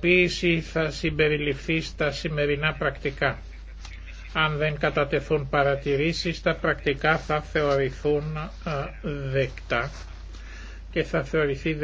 ποίηση θα συμπεριληφθεί στα σημερινά πρακτικά. Αν δεν κατατεθούν παρατηρήσεις, τα πρακτικά θα θεωρηθούν ε, δεκτά και θα θεωρηθεί